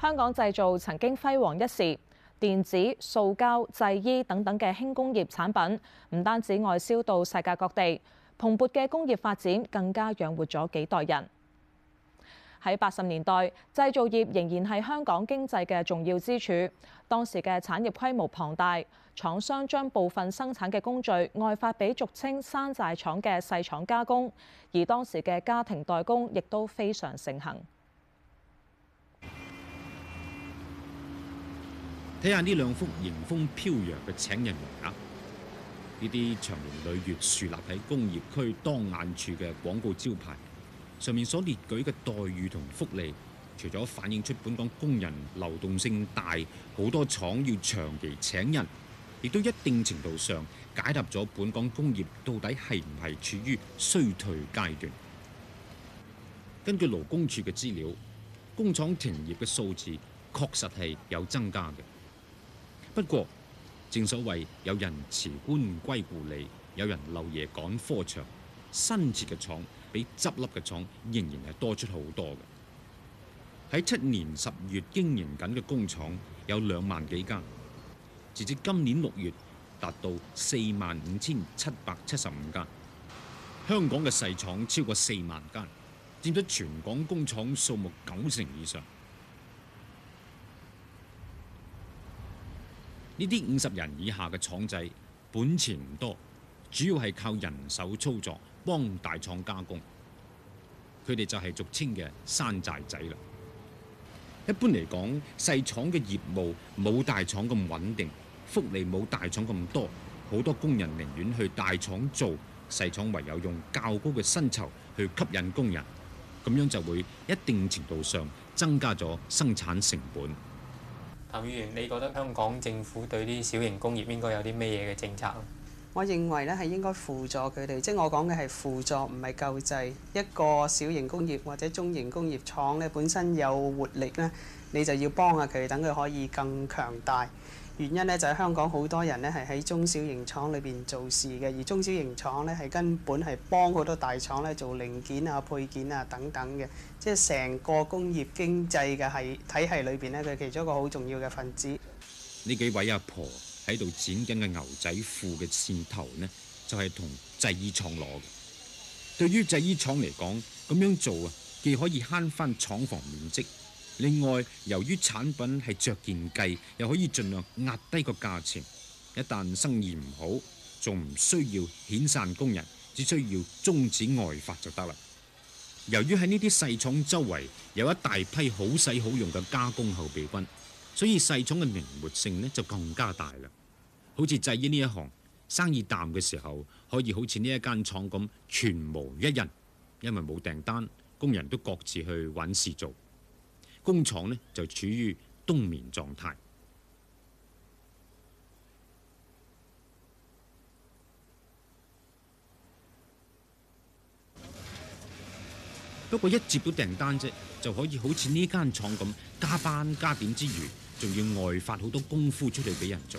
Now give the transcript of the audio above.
香港製造曾經輝煌一時，電子、塑膠、製衣等等嘅輕工業產品，唔單止外銷到世界各地，蓬勃嘅工業發展更加養活咗幾代人。喺八十年代，製造業仍然係香港經濟嘅重要支柱，當時嘅產業規模龐大，廠商將部分生產嘅工序外發俾俗稱山寨廠嘅細廠加工，而當時嘅家庭代工亦都非常盛行。睇下呢兩幅迎風飄揚嘅請人名額，呢啲長年累月樹立喺工業區當眼處嘅廣告招牌，上面所列舉嘅待遇同福利，除咗反映出本港工人流動性大，好多廠要長期請人，亦都一定程度上解答咗本港工業到底係唔係處於衰退階段。根據勞工處嘅資料，工廠停業嘅數字確實係有增加嘅。不過，正所謂有人辭官歸故里，有人漏夜趕科場，新設嘅廠比執笠嘅廠仍然係多出好多嘅。喺七年十月經營緊嘅工廠有兩萬幾間，直至今年六月達到四萬五千七百七十五間。香港嘅細廠超過四萬間，佔咗全港工廠數目九成以上。呢啲五十人以下嘅廠仔，本錢唔多，主要係靠人手操作，幫大廠加工，佢哋就係俗稱嘅山寨仔啦。一般嚟講，細廠嘅業務冇大廠咁穩定，福利冇大廠咁多，好多工人寧願去大廠做，細廠唯有用較高嘅薪酬去吸引工人，咁樣就會一定程度上增加咗生產成本。譚議員，你覺得香港政府對啲小型工業應該有啲咩嘢嘅政策？我認為咧係應該輔助佢哋，即係我講嘅係輔助，唔係救濟。一個小型工業或者中型工業廠咧，本身有活力咧，你就要幫下佢，等佢可以更強大。原因呢，就係香港好多人呢，係喺中小型廠裏邊做事嘅，而中小型廠呢，係根本係幫好多大廠呢做零件啊、配件啊等等嘅，即係成個工業經濟嘅係體系裏邊呢，佢其中一個好重要嘅分子。呢幾位阿婆喺度剪緊嘅牛仔褲嘅線頭呢，就係同製衣廠攞嘅。對於製衣廠嚟講，咁樣做啊，既可以慳翻廠房面積。另外，由於產品係着件計，又可以盡量壓低個價錢。一旦生意唔好，仲唔需要遣散工人，只需要終止外發就得啦。由於喺呢啲細廠周圍有一大批好使好用嘅加工後備軍，所以細廠嘅靈活性呢就更加大啦。好似製衣呢一行，生意淡嘅時候，可以好似呢一間廠咁全無一人，因為冇訂單，工人都各自去揾事做。工廠咧就處於冬眠狀態，不過一接到訂單啫，就可以好似呢間廠咁加班加點之餘，仲要外發好多功夫出嚟俾人做。